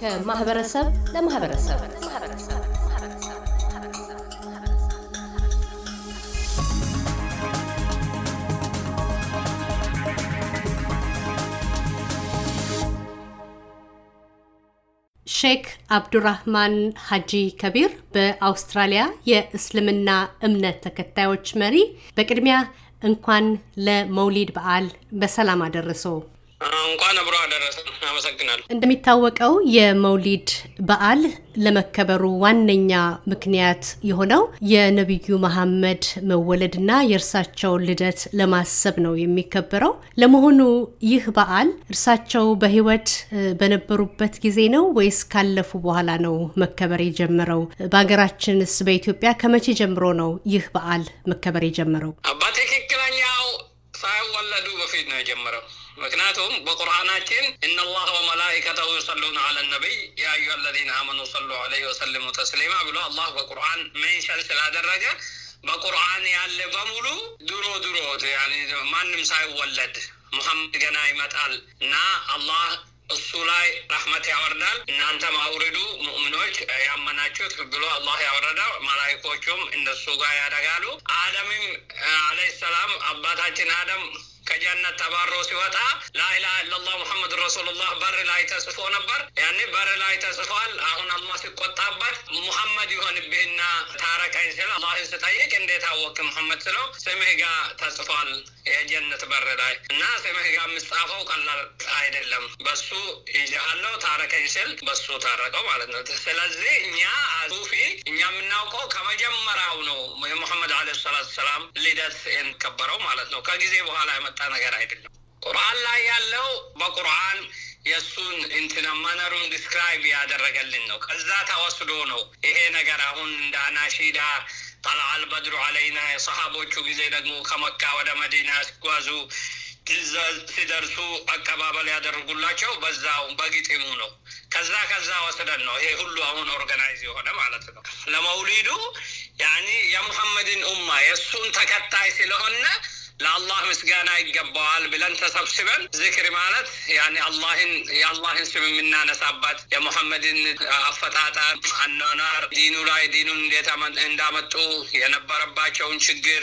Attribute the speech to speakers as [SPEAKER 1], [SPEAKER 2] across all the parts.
[SPEAKER 1] ከማህበረሰብ ለማህበረሰብ ሼክ አብዱራህማን ሀጂ ከቢር በአውስትራሊያ የእስልምና እምነት ተከታዮች መሪ፣ በቅድሚያ እንኳን ለመውሊድ በዓል በሰላም አደረሰው። እንኳን አብሮ አደረሰ። አመሰግናለሁ። እንደሚታወቀው የመውሊድ በዓል ለመከበሩ ዋነኛ ምክንያት የሆነው የነቢዩ መሐመድ መወለድና የእርሳቸው ልደት ለማሰብ ነው የሚከበረው። ለመሆኑ ይህ በዓል እርሳቸው በሕይወት በነበሩበት ጊዜ ነው ወይስ ካለፉ በኋላ ነው መከበር የጀመረው? በሀገራችንስ በኢትዮጵያ ከመቼ ጀምሮ ነው ይህ በዓል መከበር የጀመረው? በትክክለኛው ሳይወለዱ
[SPEAKER 2] በፊት ነው የጀመረው። ምክንያቱም በቁርአናችን ኢነላህ ወመላኢከተሁ ዩሰሉን አለ ነቢይ ያ አለዚነ አመኑ ሰሉ ዐለይሂ ወሰልሙ ተስሊማ ብሎ አላህ በቁርአን መንሸን ስላደረገ በቁርአን ያለ በሙሉ ድሮ ድሮ ማንም ሳይወለድ ሙሐመድ ገና ይመጣል እና አላህ እሱ ላይ ረህመት ያወርዳል። እናንተም አውርዱ ሙእምኖች ያመናችሁት ብሎ አላህ ያወረዳ፣ መላይኮቹም እነሱ ጋር ያደጋሉ። አደምም አለ ሰላም አባታችን አደም ከጀነት ተባሮ ሲወጣ ላኢላ ኢላላህ ሙሐመድ ረሱሉላህ በር ላይ ተጽፎ ነበር። ያኔ በር ላይ ተጽፏል። አሁን አላህ ሲቆጣበት ሙሐመድ ይሆንብህና ታረቀኝ ስለ አላህን ስጠይቅ እንዴት አወክ ሙሐመድ ስለው ስምህ ጋር ተጽፏል የጀነት በር ላይ እና ስምህ ጋር የምጻፈው ቀላል አይደለም። በሱ ይዤሃለሁ ታረቀኝ ስል በሱ ታረቀው ማለት ነው። ስለዚህ እኛ ሱፊ እኛ የምናውቀው ከመጀመሪያው ነው የሙሐመድ አለ ሰላት ሰላም ልደት የንከበረው ማለት ነው። ከጊዜ በኋላ የመጣ ነገር አይደለም። ቁርአን ላይ ያለው በቁርአን የእሱን እንትና መነሩን ዲስክራይብ ያደረገልን ነው። ከዛ ተወስዶ ነው ይሄ ነገር አሁን እንደ አናሺዳ ጠልዓል በድሩ አለይና የሰሃቦቹ ጊዜ ደግሞ ከመካ ወደ መዲና ሲጓዙ ሲደርሱ አቀባበል ያደርጉላቸው በዛው በግጥሙ ነው። ከዛ ከዛ ወስደን ነው ይሄ ሁሉ አሁን ኦርጋናይዝ የሆነ ማለት ነው። ለመውሊዱ ያኒ የሙሐመድን ኡማ የእሱን ተከታይ ስለሆነ ለአላህ ምስጋና ይገባዋል ብለን ተሰብስበን ዝክር ማለት ያኔ አላህን የአላህን ስም የምናነሳባት የሙሐመድን አፈጣጠር፣ አኗኗር፣ ዲኑ ላይ ዲኑን እንዴት እንዳመጡ የነበረባቸውን ችግር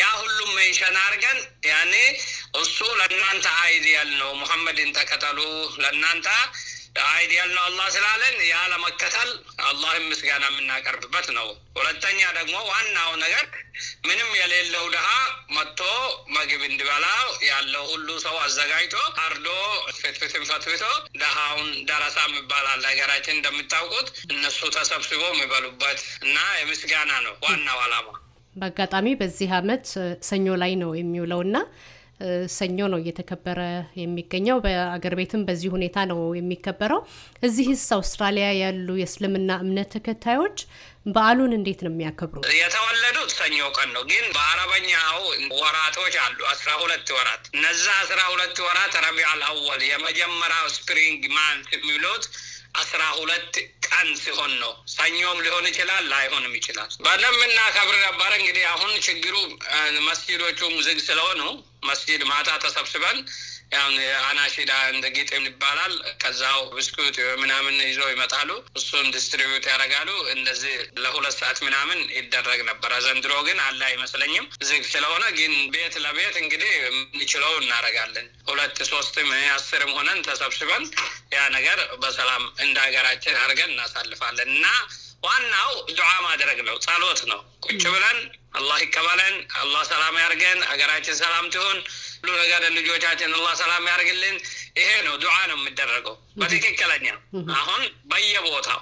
[SPEAKER 2] ያ ሁሉም መንሸን አድርገን ያኔ እሱ ለእናንተ አይዲያል ነው፣ ሙሐመድን ተከተሉ ለእናንተ አይዲያል ነው አላህ ስላለን ያ ለመከተል አላህን ምስጋና የምናቀርብበት ነው። ሁለተኛ ደግሞ ዋናው ነገር ምንም የሌለው ድሃ መጥቶ ምግብ እንዲበላ ያለው ሁሉ ሰው አዘጋጅቶ አርዶ ፍትፍትን ፈትፍቶ ድሃውን ደረሳ ይባላል ሀገራችን እንደምታውቁት እነሱ ተሰብስቦ የሚበሉበት እና የምስጋና ነው ዋናው አላማ።
[SPEAKER 1] በአጋጣሚ በዚህ አመት ሰኞ ላይ ነው የሚውለውና ሰኞ ነው እየተከበረ የሚገኘው። በአገር ቤትም በዚህ ሁኔታ ነው የሚከበረው። እዚህስ አውስትራሊያ ያሉ የእስልምና እምነት ተከታዮች በዓሉን እንዴት ነው የሚያከብሩ
[SPEAKER 2] የተወለዱት ሰኞ ቀን ነው፣ ግን በአረበኛው ወራቶች አሉ አስራ ሁለት ወራት። እነዛ አስራ ሁለት ወራት ረቢዕ አልአወል የመጀመሪያው ስፕሪንግ ማንት የሚሉት አስራ ሁለት ቀን ሲሆን ነው። ሰኞም ሊሆን ይችላል ላይሆንም ይችላል። በደንብ እናከብር ነበረ። እንግዲህ አሁን ችግሩ መስጊዶቹም ዝግ ስለሆኑ መስጊድ ማታ ተሰብስበን ያን አናሺዳ እንደ ጌጤም ይባላል። ከዛው ብስኩት ምናምን ይዞ ይመጣሉ። እሱን ዲስትሪቢዩት ያደርጋሉ። እንደዚህ ለሁለት ሰዓት ምናምን ይደረግ ነበረ። ዘንድሮ ግን አለ አይመስለኝም፣ ዝግ ስለሆነ። ግን ቤት ለቤት እንግዲህ የምንችለው እናደርጋለን። ሁለት ሶስትም አስርም ሆነን ተሰብስበን ያ ነገር በሰላም እንደ ሀገራችን አድርገን እናሳልፋለን እና ዋናው ዱዓ ማድረግ ነው፣ ጸሎት ነው። ቁጭ ብለን አላህ ይቀበለን፣ አላህ ሰላም ያርገን፣ ሀገራችን ሰላም ትሁን ሁሉ ነገር ልጆቻችን አላህ ሰላም ያርግልን። ይሄ ነው ዱዓ ነው የሚደረገው በትክክለኛ አሁን በየቦታው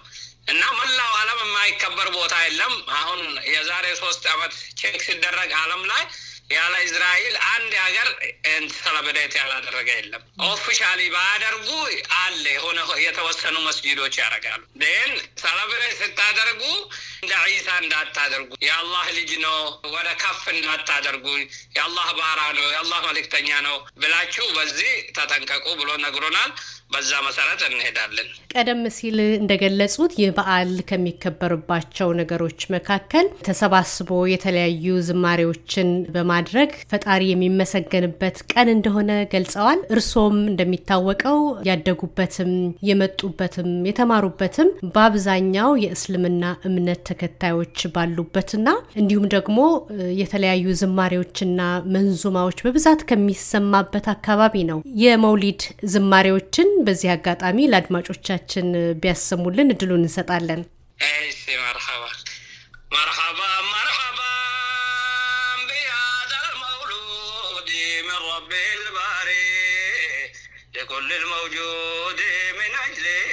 [SPEAKER 2] እና መላው ዓለም የማይከበር ቦታ የለም። አሁን የዛሬ ሶስት ዓመት ቼክ ሲደረግ ዓለም ላይ ያለ እስራኤል አንድ ሀገር ሰለብሬት ያላደረገ የለም። ኦፊሻሊ ባያደርጉ አለ የሆነ የተወሰኑ መስጊዶች ያደርጋሉ። ግን ሰለብሬት ስታደርጉ እንደ ዒሳ እንዳታደርጉ፣ የአላህ ልጅ ነው ወደ ከፍ እንዳታደርጉ፣ የአላህ ባራ ነው የአላህ መልእክተኛ ነው ብላችሁ በዚህ ተጠንቀቁ ብሎ ነግሮናል። በዛ መሰረት
[SPEAKER 1] እንሄዳለን። ቀደም ሲል እንደገለጹት ይህ በዓል ከሚከበርባቸው ነገሮች መካከል ተሰባስቦ የተለያዩ ዝማሬዎችን በማ ማድረግ ፈጣሪ የሚመሰገንበት ቀን እንደሆነ ገልጸዋል። እርሶም እንደሚታወቀው ያደጉበትም የመጡበትም የተማሩበትም በአብዛኛው የእስልምና እምነት ተከታዮች ባሉበትና እንዲሁም ደግሞ የተለያዩ ዝማሬዎችና መንዙማዎች በብዛት ከሚሰማበት አካባቢ ነው። የመውሊድ ዝማሬዎችን በዚህ አጋጣሚ ለአድማጮቻችን ቢያሰሙልን እድሉን እንሰጣለን።
[SPEAKER 2] ማርሃባ الموجود من أجله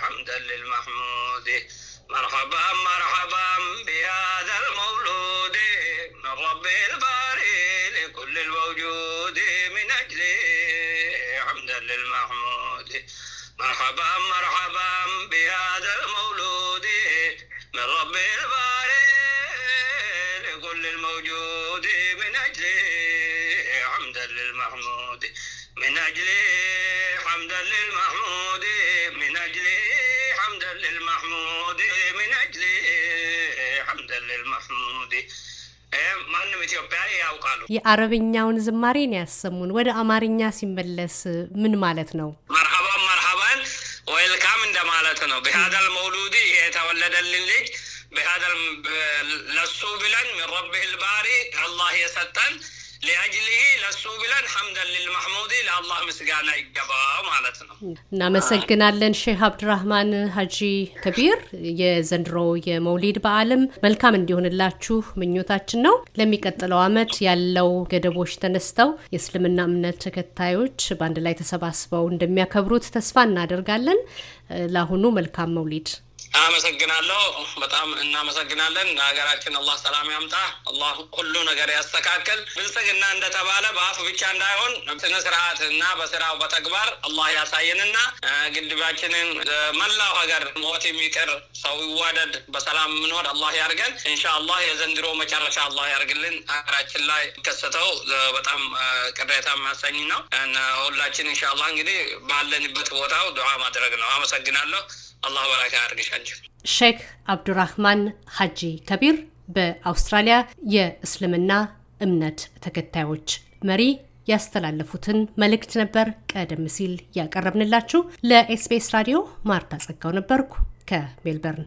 [SPEAKER 2] حمدا للمحمود مرحبا مرحبا بهذا المولود من رب الباري لكل الموجود من أجلي حمدا للمحمود مرحبا مرحبا بهذا المولود من رب الباري لكل الموجود من أجلي حمدا للمحمود من أجله حمدا للمحمود من أجلي حمدا للمحمود من أجلي حمدا للمحمود ማንም ኢትዮጵያ ያውቃሉ።
[SPEAKER 1] የአረብኛውን ዝማሬን ያሰሙን። ወደ አማርኛ ሲመለስ ምን ማለት ነው? መርሐባን
[SPEAKER 2] መርሐባን ወይልካም እንደማለት ነው። ቢሃዳል መውሉድ የተወለደልን ልጅ ቢሃዳል ለሱ ብለን ሚን ረቢህ ልባሪ አላህ የሰጠን ሊአጅሊሂ ለሱ ብለን ሐምደን ልልማሕሙዲ ለአላህ ምስጋና ይገባው
[SPEAKER 1] ማለት ነው። እናመሰግናለን ሼህ አብድራህማን ሀጂ ከቢር። የዘንድሮ የመውሊድ በዓልም መልካም እንዲሆንላችሁ ምኞታችን ነው። ለሚቀጥለው አመት ያለው ገደቦች ተነስተው የእስልምና እምነት ተከታዮች በአንድ ላይ ተሰባስበው እንደሚያከብሩት ተስፋ እናደርጋለን። ለአሁኑ መልካም መውሊድ
[SPEAKER 2] አመሰግናለሁ። በጣም እናመሰግናለን። ሀገራችን አላህ ሰላም ያምጣ። አላህ ሁሉ ነገር ያስተካከል። ብልጽግና እንደተባለ በአፍ ብቻ እንዳይሆን ስነ ስርዓት እና በስራው በተግባር አላህ ያሳየንና ግድባችንን መላው ሀገር ሞት የሚቀር ሰው ይዋደድ በሰላም ምኖር አላህ ያርገን። ኢንሻአላህ የዘንድሮ መጨረሻ አላህ ያርግልን። ሀገራችን ላይ ከሰተው በጣም ቅሬታ የሚያሰኝ ነው። ሁላችን ኢንሻአላህ እንግዲህ ባለንበት ቦታው ዱዓ ማድረግ ነው። አመሰግናለሁ። አላህ በረካ ያድርግሻለሁ።
[SPEAKER 1] ሼክ አብዱራህማን ሀጂ ከቢር በአውስትራሊያ የእስልምና እምነት ተከታዮች መሪ ያስተላለፉትን መልእክት ነበር ቀደም ሲል ያቀረብንላችሁ። ለኤስቢኤስ ራዲዮ ማርታ ጸጋው ነበርኩ ከሜልበርን።